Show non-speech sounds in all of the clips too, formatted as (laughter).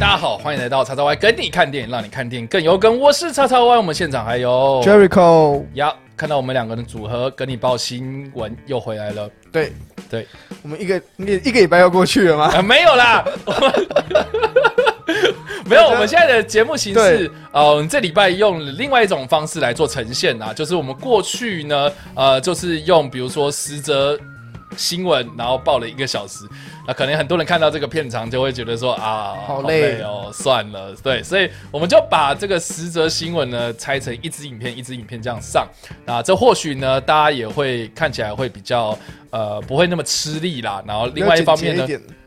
大家好，歡迎來到叉叉 Y，跟你看電影，讓你看電影更有梗。我是叉叉 Y，我們現場還有 Jericho 呀，Jer icho yeah, 看到我們兩個人組合，跟你報新聞又回來了。對對，對我們一個你一個一個禮拜要過去了嗎？呃、沒有啦， (laughs) (laughs) 沒有。家我們現在的節目形式，嗯對，呃、我們這禮拜用另外一種方式來做呈現啊，就是我們過去呢，呃，就是用比如說十則。新聞，然後報了一個小時，那可能很多人看到這個片長，就會覺得說啊，好累，好累哦，算了。對，所以我們就把這個十則新聞呢拆成一支影片，一支影片這樣上。那這或許呢，大家也會看起來會比較呃，不會那麼吃力啦。然後另外一方面呢，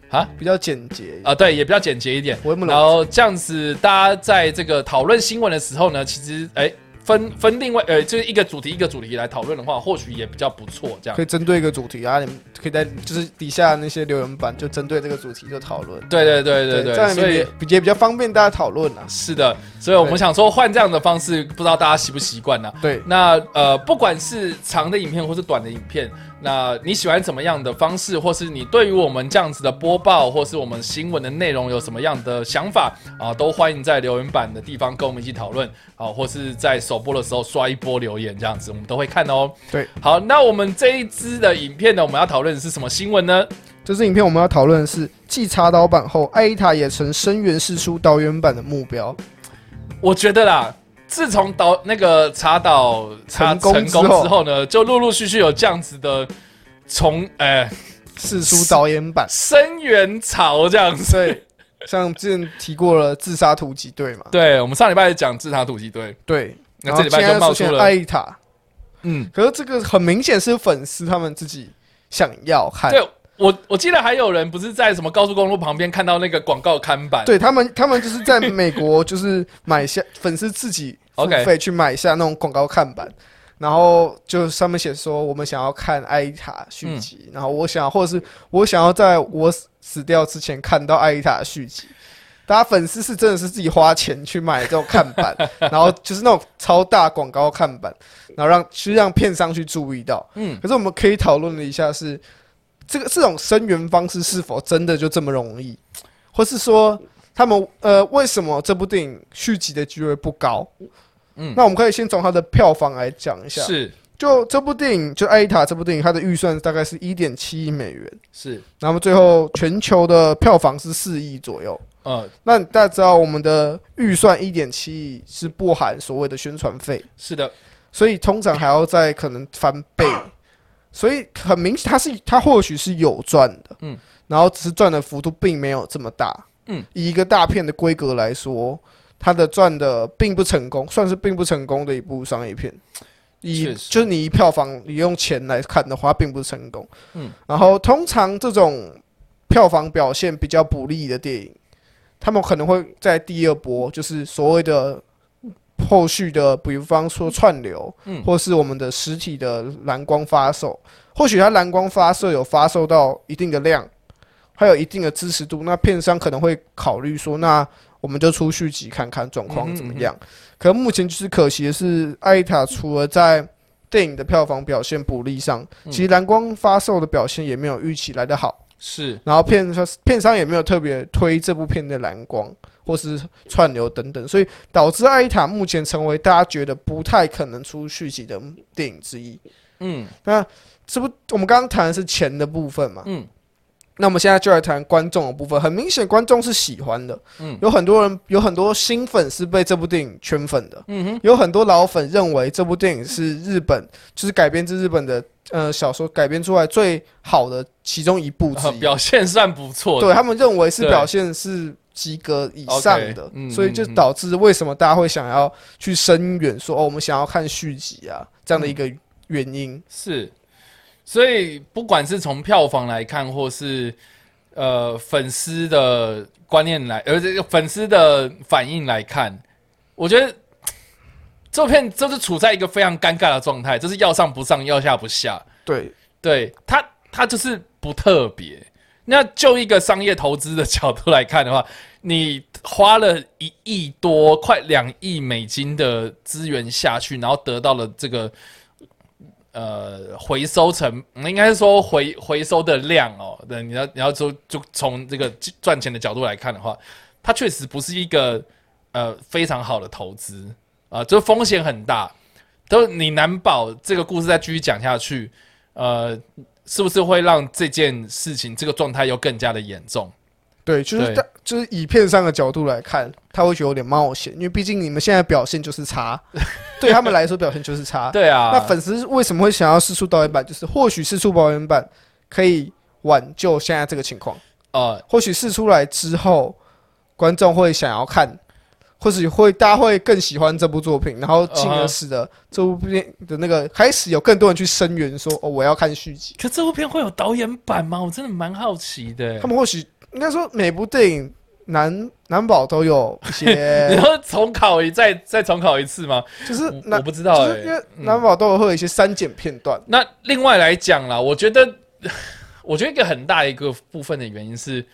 啊，比較簡潔啊簡潔，呃，對，也比較簡潔一點。然後這樣子，大家在這個討論新聞的時候呢，其實哎。誒分分另外，呃，就是一個主題一個主題來討論的話，或許也比較不錯，這樣可以針對一個主題啊，你們可以在就是底下那些留言板，就針對這個主題就討論，對，對對對對對，對這樣，所以也比較方便大家討論了、啊。是的，所以我們想說換這樣的方式，對不知道大家習不習慣呢、啊？對，那呃，不管是長的影片或是短的影片。那你喜歡怎麼樣的方式，或是你對於我們這樣子的播報，或是我們新聞的內容有什麼樣的想法啊？都歡迎在留言板的地方跟我們一起討論，好、啊，或是在首播的時候刷一波留言，這樣子我們都會看哦、喔。對，好，那我們這一支的影片呢，我們要討論的是什麼新聞呢？這支影片我們要討論的是繼查導版後，艾莉塔也成聲援釋出導演版的目標。我覺得啦。自從導那個查導查成功之後呢，就陸陸續續有這樣子的，從、欸、哎，四叔導演版、聲援潮這樣子，對，像之前提過了自殺突擊隊嘛，對，我們上禮拜也講自殺突擊隊，對，然後現在出現了艾塔，嗯，可是這個很明顯是粉絲他們自己想要看，對我我記得還有人不是在什麼高速公路旁邊看到那個廣告看板，對他們，他們就是在美國就是買下 (laughs) 粉絲自己。Okay. 付費去買一下那種廣告看板，然後就上面寫說我們想要看《艾莉塔》續集，嗯、然後我想或者是我想要在我死掉之前看到《艾莉塔》續集。大家粉絲是真的是自己花錢去買這種看板， (laughs) 然後就是那種超大廣告看板，然後讓去讓片商去注意到。嗯，可是我們可以討論一下是，是這個這種聲援方式是否真的就這麼容易，或是說？他們呃，為什麼這部電影續集的機會不高？嗯，那我們可以先從它的票房來講一下。是，就這部電影，就《艾莉塔》這部電影，它的預算大概是一點七億美元。是，然後最後全球的票房是四億左右。嗯、哦，那大家知道我們的預算一點七億是不含所謂的宣傳費。是的，所以通常還要再可能翻倍。嗯、所以很明顯，它是它或許是有賺的，嗯，然後只是賺的幅度並沒有這麼大。嗯，以一個大片的規格來說，它的賺的並不成功，算是並不成功的一部商業片。以確實 就是你一票房，你用錢來看的話，並不成功。嗯，然後通常這種票房表現比較不利的電影，他們可能會在第二波，就是所謂的後續的，比方說串流，嗯、嗯，或是我們的實體的藍光發售，或許它藍光發售有發售到一定的量。還有一定的支持度，那片商可能會考慮說，那我們就出續集看看狀況怎麼樣。嗯嗯嗯。可目前就是可惜的是，《艾莉塔》除了在電影的票房表現不利上，其實藍光發售的表現也沒有預期來得好。是、嗯，然後片商片商也沒有特別推這部片的藍光或是串流等等，所以導致《艾莉塔》目前成為大家覺得不太可能出續集的電影之一。嗯，那這不我們剛剛談的是錢的部分嘛？嗯。那我們現在就來談觀眾的部分。很明顯，觀眾是喜歡的。嗯，有很多人，有很多新粉是被這部電影圈粉的。嗯哼，有很多老粉認為這部電影是日本，嗯、哼就是改編自日本的呃小說改編出來最好的其中一部之一、呃、表現算不錯。對他們認為是表現是及格以上的，okay, 嗯、所以就導致為什麼大家會想要去深遠說、嗯、哼哦，我們想要看續集啊這樣的一個原因、嗯、是。所以，不管是從票房來看，或是呃粉絲的觀念來，而這個粉絲的反應來看，我覺得這片就是處在一個非常尷尬的狀態，就是要上不上，要下不下。對，對，它它就是不特別。那就一個商業投資的角度來看的話，你花了一億多，快兩億美金的資源下去，然後得到了這個。呃，回收成，嗯、應該是說回回收的量哦。對，你要你要就就從這個賺錢的角度來看的話，它確實不是一個呃非常好的投資啊、呃，就風險很大，都你難保這個故事再繼續講下去，呃，是不是會讓這件事情這個狀態又更加的嚴重？對，就是他，對就是以片上的角度來看，他會覺得有點冒險，因為畢竟你們現在表現就是差， (laughs) 對他們來說表現就是差。 (laughs) 對啊，那粉絲為什麼會想要釋出導演版？就是或許釋出導演版可以挽救現在這個情況啊。呃、或許釋出來之後，觀眾會想要看，或許會大家會更喜歡這部作品，然後進而使得、uh huh、這部片的那個開始有更多人去聲援說，說哦，我要看續集。可這部片會有導演版嗎？我真的蠻好奇的。他們或許。應該說每部電影難難保都有， (laughs) 你要重考一再再重考一次嗎？就是我不知道、欸，因難保都會有一些刪減片段、嗯。那另外來講啦，我覺得，我覺得一個很大的一個部分的原因是，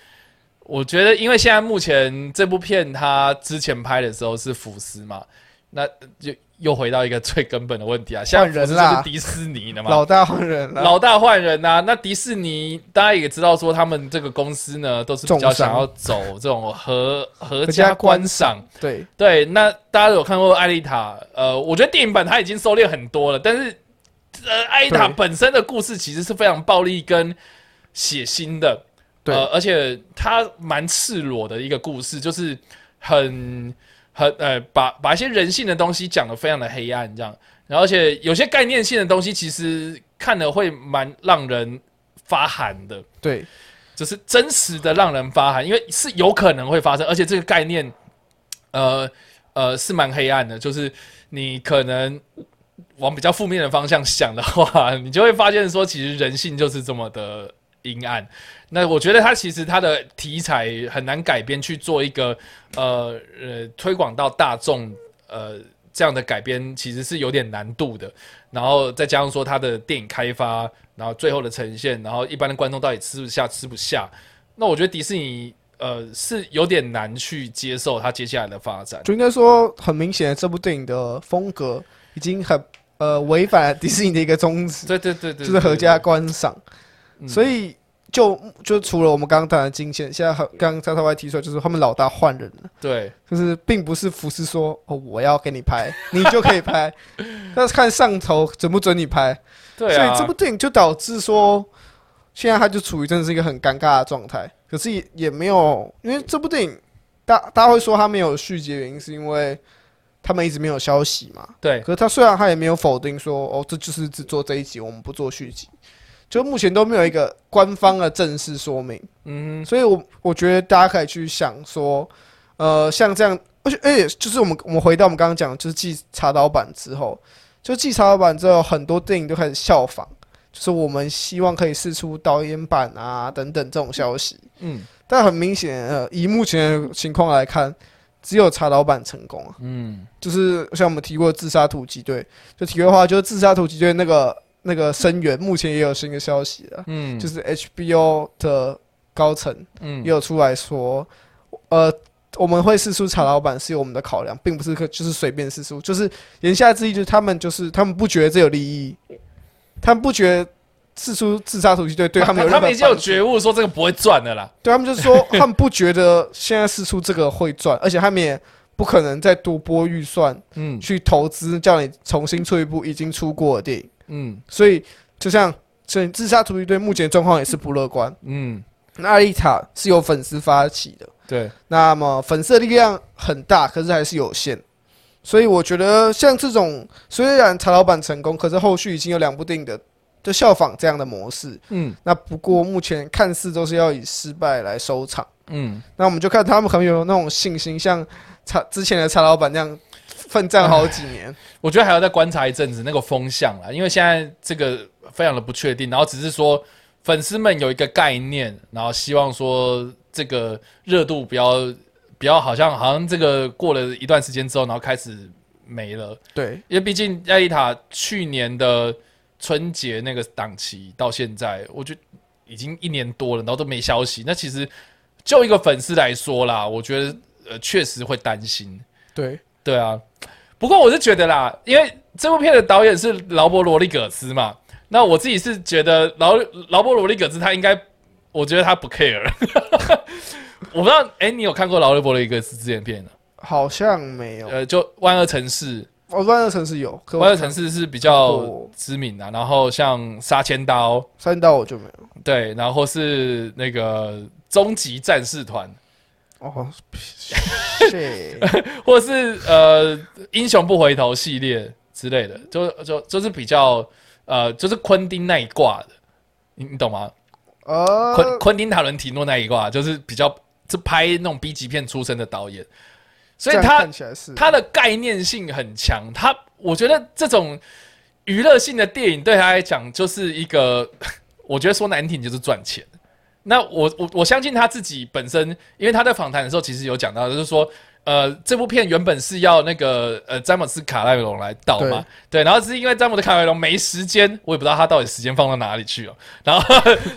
我覺得因為現在目前這部片它之前拍的時候是福斯嘛。那就又回到一個最根本的問題啊，像人啦，迪士尼的嘛，老大換人，老大換人吶。那迪士尼大家也知道，說他們這個公司呢，都是比較想要走這種合合家觀賞。對對，那大家有看過《艾莉塔》？呃，我覺得電影版它已經收斂很多了，但是呃，《艾莉塔》本身的故事其實是非常暴力跟血腥的，呃，而且它蠻赤裸的一個故事，就是很。很，呃、欸，把把一些人性的東西講得非常的黑暗，這樣，而且有些概念性的東西，其實看了會蠻讓人發寒的。對，就是真實的讓人發寒，因為是有可能會發生，而且這個概念，呃呃，是蠻黑暗的。就是你可能往比較負面的方向想的話，你就會發現說，其實人性就是這麼的陰暗，那我覺得它其實它的題材很難改編去做一個呃呃推廣到大眾呃這樣的改編其實是有點難度的。然後再加上說它的電影開發，然後最後的呈現，然後一般的觀眾到底吃不下吃不下，那我覺得迪士尼呃是有點難去接受它接下來的發展。就應該說，很明顯的這部電影的風格已經很呃違反迪士尼的一個宗旨。 (laughs) 對對對對，對，就是合家觀賞。嗯、所以就就除了我們剛剛談的金錢，現在剛剛他他還提出來，就是說他們老大換人了。對，就是並不是福斯說哦我要給你拍，你就可以拍， (laughs) 但是看上頭準不准你拍。對、啊、所以這部電影就導致說，現在他就處於真的是一個很尷尬的狀態。可是也，也沒有，因為這部電影大家大家會說他沒有續集的原因是因為他們一直沒有消息嘛。對。可是他雖然他也沒有否定說哦這就是只做這一集，我們不做續集。就目前都沒有一個官方的正式說明，嗯哼，所以我我覺得大家可以去想說，呃，像這樣，而且而且、欸、就是我們我們回到我們剛剛講，就是繼查導版之後，就繼查導版之後，很多電影都開始效仿，就是我們希望可以釋出導演版啊，等等這種消息，嗯，但很明顯，呃，以目前的情況來看，只有查導版成功啊，嗯，就是像我們提過的自殺突擊隊，就提的話就是自殺突擊隊那個。那個聲援目前也有新的消息了，嗯，就是 HBO 的高層，嗯，也有出來說，呃，我們會釋出查老板是有我們的考量，並不是可就是隨便釋出，就是言下之意就是他們就是他們不覺得這有利益，他們不覺得釋出自殺突擊隊對他們有，他們已經有覺悟說這個不會賺的啦，對他們就是說他們不覺得現在釋出這個會賺，而且他們也不可能再多撥預算，嗯，去投資叫你重新出一部已經出過的電影。嗯，所以就像所以自殺突擊隊目前狀況也是不樂觀。嗯，那艾麗塔是由粉絲發起的。對，那麼粉絲的力量很大，可是還是有限。所以我覺得像這種雖然查老板成功，可是後續已經有兩部電影的就效仿這樣的模式。嗯，那不過目前看似都是要以失敗來收場。嗯，那我們就看他們很有，有那種信心，像查之前的查老板這樣。奮戰好幾年，嗯，我覺得還要再觀察一陣子那個風向啦，因為現在這個非常的不確定。然後只是說粉絲們有一個概念，然後希望說這個熱度不要不要好像好像這個過了一段時間之後，然後開始沒了。對，因為畢竟艾莉塔去年的春節那個檔期到現在，我覺得已經一年多了，然後都沒消息。那其實就一個粉絲來說啦，我覺得呃確實會擔心。對。對啊，不過我是覺得啦，因為這部片的導演是勞勃·羅里·葛茲嘛，那我自己是覺得勞勞勃·羅里·葛茲他應該，我覺得他不 care。 (laughs) 我不知道，哎、欸，你有看過勞勃·羅里·葛茲之前的片的？好像沒有。呃，就《萬惡城市》。哦，《萬惡城市》有，《萬惡城市》是比較知名的。啊、然後像《殺千刀》，《殺千刀》我就沒有。對，然後是那個《終極戰士團》。哦，oh, (laughs) 或者是呃，英雄不回頭系列之類的，就就就是比較呃，就是昆汀那一掛的，你你懂嗎？Uh、昆昆汀塔倫提諾那一掛就是比較是拍那種 B 級片出身的導演，所以他他的概念性很強。他我覺得這種娛樂性的電影對他來講就是一個，我覺得說難聽就是賺錢。那我我我相信他自己本身，因為他在訪談的時候其實有講到，就是說，呃，這部片原本是要那個呃詹姆斯卡麥隆來導嘛，對，對，然後是因為詹姆斯卡麥隆沒時間，我也不知道他到底時間放到哪裡去了，然後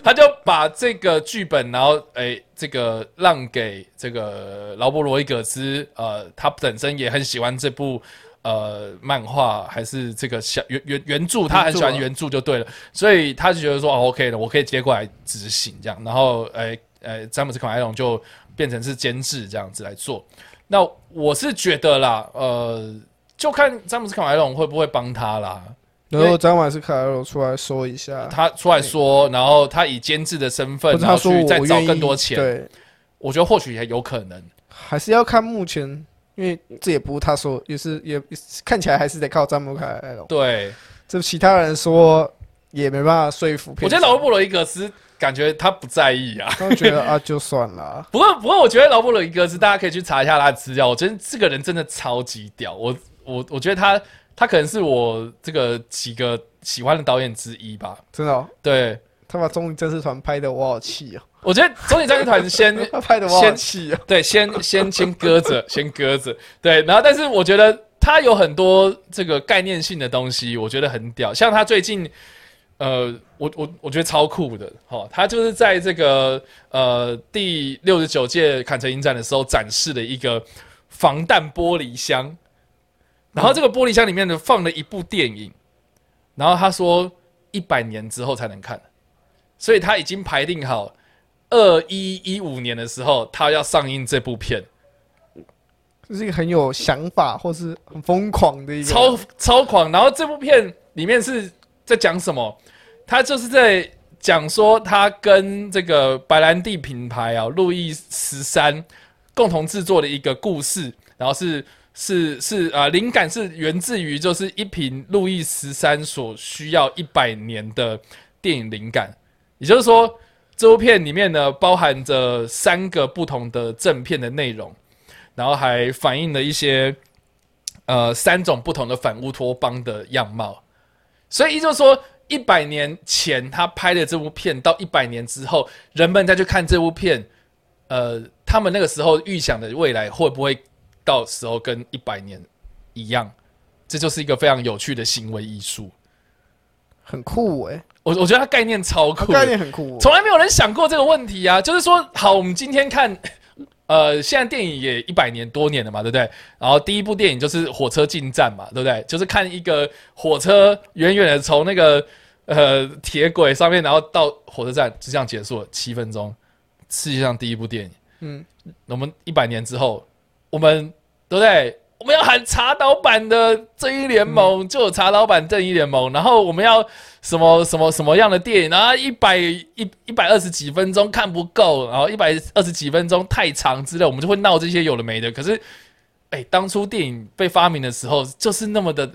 他就把這個劇本， (laughs) 然後哎、欸，這個讓給這個勞勃羅里葛茲，呃，他本身也很喜歡這部，呃，漫畫還是這個小原原原著，他很喜歡原著就對了，啊，所以他就覺得說，哦，OK 的，我可以接過來執行這樣，然後哎哎，欸欸，詹姆斯卡梅隆就變成是監製這樣子來做。那我是覺得啦，呃，就看詹姆斯卡梅隆會不會幫他啦。然後詹姆斯卡梅隆出來說一下，他出來說，嗯，然後他以監製的身份，然後去再找更多錢。對，我覺得或許也有可能，還是要看目前。因為這也不是他說，也是也看起來還是得靠詹姆斯卡麥隆。對，就其他人說也沒辦法說服片子。我覺得勞勃羅里葛茲感覺他不在意啊，他覺得啊就算了 (laughs) 不過不過，我覺得勞勃羅里葛茲、嗯、大家可以去查一下他的資料，我覺得這個人真的超級屌。我我我覺得他他可能是我這個幾個喜歡的導演之一吧。真的、哦？對。他把《終極戰士團》拍的，我好氣哦、喔，我覺得《終極戰士團》 (laughs) 拍得喔、先拍的，先氣對，先先先擱着，先擱着。 (laughs) 對，然後但是我覺得他有很多這個概念性的東西，我覺得很屌。像他最近，呃，我我我覺得超酷的哦，他就是在這個呃第六十九屆坎城影展的時候展示的一個防彈玻璃箱，然後這個玻璃箱裡面呢放了一部電影，嗯、然後他說一百年之後才能看。所以他已經排定好，二一一五年的時候，他要上映這部片，這是一個很有想法或是很瘋狂的一個超超狂。然後這部片裡面是在講什麼？他就是在講說，他跟這個白蘭地品牌啊，路易十三共同制作的一個故事。然後是是是啊，呃、靈感是源自於就是一瓶路易十三所需要一百年的電影靈感。也就是說，這部片裡面呢包含着三個不同的正片的內容，然後還反映了一些呃三種不同的反烏托邦的樣貌。所以也就是說，一百年前他拍的這部片，到一百年之後人們再去看這部片，呃，他們那個時候預想的未來會不會到時候跟一百年一樣？這就是一個非常有趣的行為藝術。很酷誒、欸，我我覺得它概念超酷，概念很酷，欸，從來沒有人想過這個問題啊。就是說，好，我們今天看，呃，現在電影也一百年多年了嘛，對不對？然後第一部電影就是《火車進站》嘛，對不對？就是看一個火車遠遠的從那個呃鐵軌上面，然後到火車站，就這樣結束了七分鐘，世界上第一部電影。嗯，我們一百年之後，我們對不對？我們要喊查導版的《正義聯盟》，嗯，就有查導版《正義聯盟》。然後我們要什麼什麼什麼樣的電影？然後一百一一百二十幾分鐘看不夠，然後一百二十幾分鐘太長之類，我們就會鬧這些有的沒的。可是，誒，當初電影被發明的時候，就是那麼的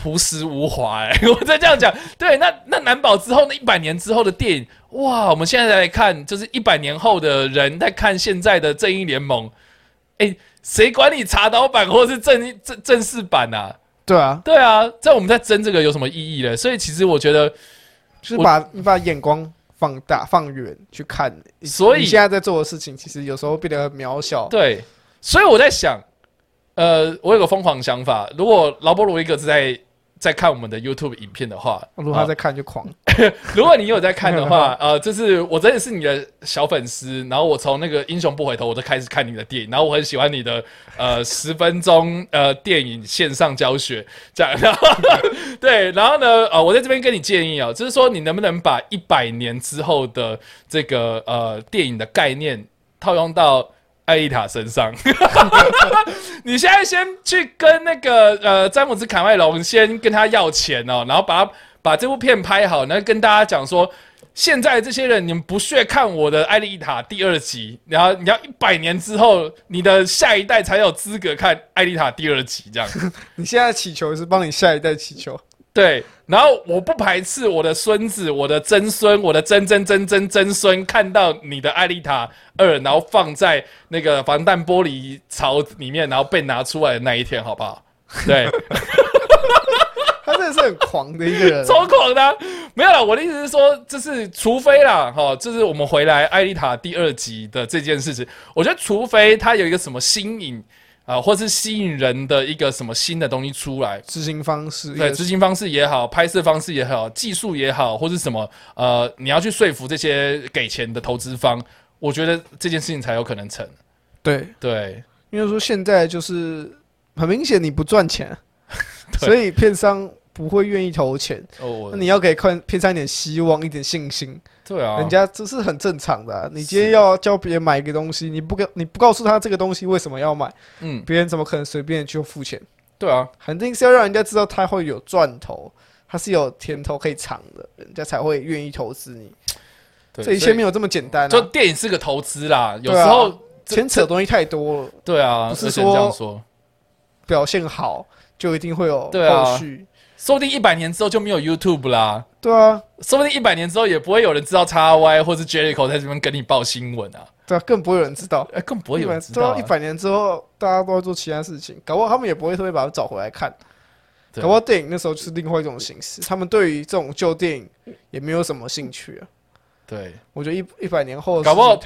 樸實無華。哎，我在這樣講， (laughs) 對，那那難保之後那一百年之後的電影，哇！我們現在來看，就是一百年後的人在看現在的《正義聯盟》，誒。誰管你查導版或是正正正，正式版吶、啊？對啊，對啊，這樣我們在爭這個有什麼意義呢？所以其實我覺得，就是把我你把眼光放大，放遠去看。所以現在在做的事情，其實有時候變得很渺小。對，所以我在想，呃，我有個瘋狂想法：如果勞勃羅里葛茲在在看我們的 YouTube 影片的話，如果他在看，就狂。呃 (laughs) 如果你有在看的話， (laughs) 呃，就是我真的是你的小粉絲，然後我從那個英雄不回頭我就開始看你的電影，然後我很喜歡你的呃十分鐘呃電影線上教學這樣，然後 (laughs) (laughs) 對，然後呢，呃，我在這邊跟你建議啊、哦，就是說你能不能把一百年之後的這個呃電影的概念套用到。艾莉塔身上， (laughs) (laughs) 你現在先去跟那個呃詹姆斯卡麥隆先跟他要錢哦、喔，然後把把這部片拍好，然後跟大家講說，現在這些人你們不屑看我的《艾莉塔》第二集，然後你要一百年之後你的下一代才有資格看《艾莉塔》第二集這樣。 (laughs) 你現在祈求是幫你下一代祈求。對，然後我不排斥我的孫子，我的曾孫，我的曾曾曾曾曾孫看到你的《艾莉塔二》，然後放在那個防彈玻璃槽裡面，然後被拿出來的那一天，好不好？對， (laughs) 他真的是很狂的一個人，超狂的啊。沒有啦，我的意思是說，這、就是除非啦，哈，就是我們回來《艾莉塔》第二集的這件事情，我覺得除非他有一個什麼新穎。啊，或是吸引人的一個什麼新的東西出來，執行方式，對，執行方式也好，拍攝方式也好，技術也好，或是什麼呃，你要去說服這些給錢的投資方，我覺得這件事情才有可能成。對對，對因為說現在就是很明顯你不賺錢， (laughs) 對所以片商。不會願意投錢，oh, oh. 那你要給客偏上一點希望，一點信心。對啊，人家這是很正常的、啊。你今天要叫別人買一個東西，是你不跟你不告訴他這個東西為什麼要買，嗯，別人怎麼可能隨便就付錢？對啊，肯定是要讓人家知道他會有賺頭，他是有甜頭可以嘗的，人家才會願意投資你。對這一切沒有這麼簡單、啊。就電影是個投資啦，有時候牽、啊、扯的東西太多了。對啊，不是說表現好就一定會有後續。說不定一百年之後就沒有 YouTube 啦。對啊，說不定一百年之後也不會有人知道 X Y 或者是 Jericho 在這邊跟你報新聞啊。對啊，更不會有人知道。哎、欸，更不會有人知道、啊。一百年之後，大家都會做其他事情。搞不好他們也不會特別把它找回來看。對搞不好電影那時候就是另外一種形式。他們對於這種舊電影也沒有什麼興趣啊。對，我覺得一一百年後搞不好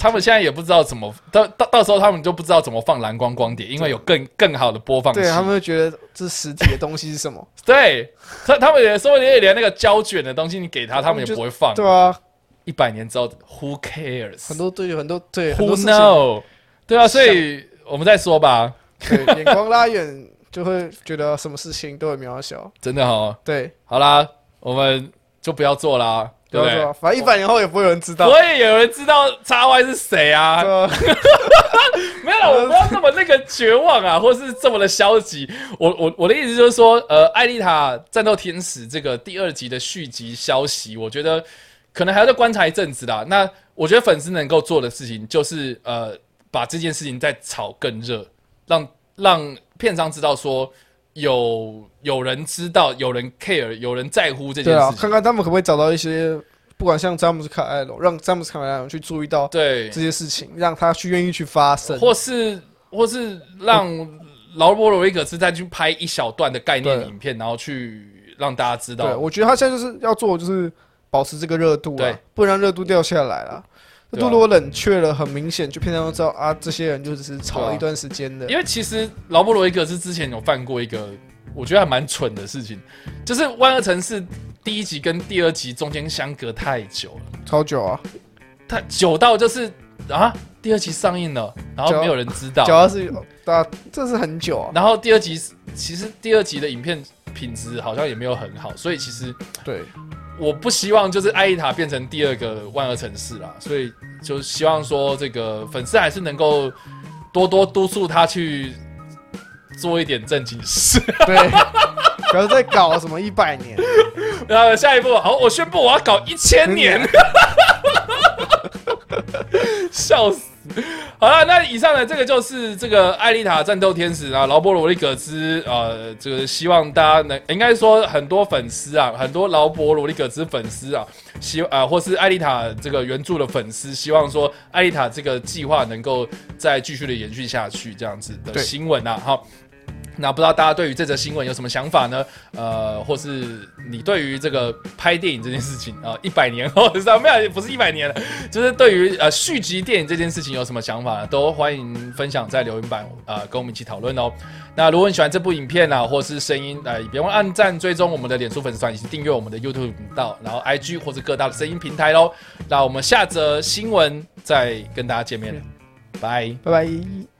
他們現在也不知道怎麼到到到時候，他們就不知道怎麼放藍光光碟，因為有更更好的播放器。對，他們會覺得這實體的東西是什麼？ (laughs) 對，他他們也說不定連連那個膠卷的東西，你給他，他們，他們也不會放。對啊，一百年之後，Who cares？很多隊友，很多對，Who 多 know？對啊，所以像我們再說吧。對，眼光拉遠，就會覺得什麼事情都很渺小。 (laughs) 真的哈、哦，對，好啦，我們就不要做啦。對，不對，對對吧，反正一百年後也不會有人知道。我所以有人知道叉 Y 是誰啊？呃、 (laughs) 沒有，我不要這麼那個絕望啊，或是這麼的消極。我我我的意思就是說，呃，艾莉塔戰鬥天使這個第二集的續集消息，我覺得可能還要再觀察一陣子啦。那我覺得粉絲能夠做的事情，就是呃，把這件事情再炒更熱，讓讓片商知道說。有有人知道，有人 care，有人在乎這件事情。對啊，看看他們可不可以找到一些，不管像詹姆斯卡麥隆，讓詹姆斯卡麥隆去注意到對這些事情，對讓他去願意去發聲，或是或是讓、嗯、勞勃羅里葛茲再去拍一小段的概念影片，了然後去讓大家知道。對，我覺得他現在就是要做，就是保持這個熱度啊，對不能讓熱度掉下來了。啊、多羅冷卻了，很明顯，就平常都知道啊。這些人就是吵了一段時間的、啊。因為其實勞勃羅伊格是之前有犯過一個，我覺得還蠻蠢的事情，就是《萬惡城市》第一集跟第二集中間相隔太久了，超久啊！他久到就是啊，第二集上映了，然後沒有人知道，主要是大家這是很久、啊。然後第二集其實第二集的影片品質好像也沒有很好，所以其實對。我不希望就是艾麗塔變成第二個萬惡城市啦，所以就希望說這個粉絲還是能夠多多督促他去做一點正經事，對，不要再搞什麼一百年，然後、 (laughs) 啊、下一步，好，我宣布我要搞一千年，笑，笑死。好啦，那以上呢，這個就是這個艾莉塔戰鬥天使啊，勞勃羅里葛茲啊、呃，這個希望大家能，應該說很多粉絲啊，很多勞勃羅里葛茲粉絲啊，希啊、呃、或是艾莉塔這個原著的粉絲，希望說艾莉塔這個計劃能夠再繼續的延續下去，這樣子的新聞啊，對好。那不知道大家對於這則新聞有什麼想法呢？呃，或是你對於這個拍電影這件事情啊，一百年後是怎麼樣？不是一百年了，就是對於呃續集電影這件事情有什麼想法呢？都歡迎分享在留言板啊、呃，跟我們一起討論哦。那如果你喜歡這部影片啊，或是聲音，呃，別忘了按讚、追蹤我們的臉書粉絲團以及訂閱我們的 YouTube 頻道，然後 IG 或者各大的聲音平台嘍。那我們下則新聞再跟大家見面了，拜拜。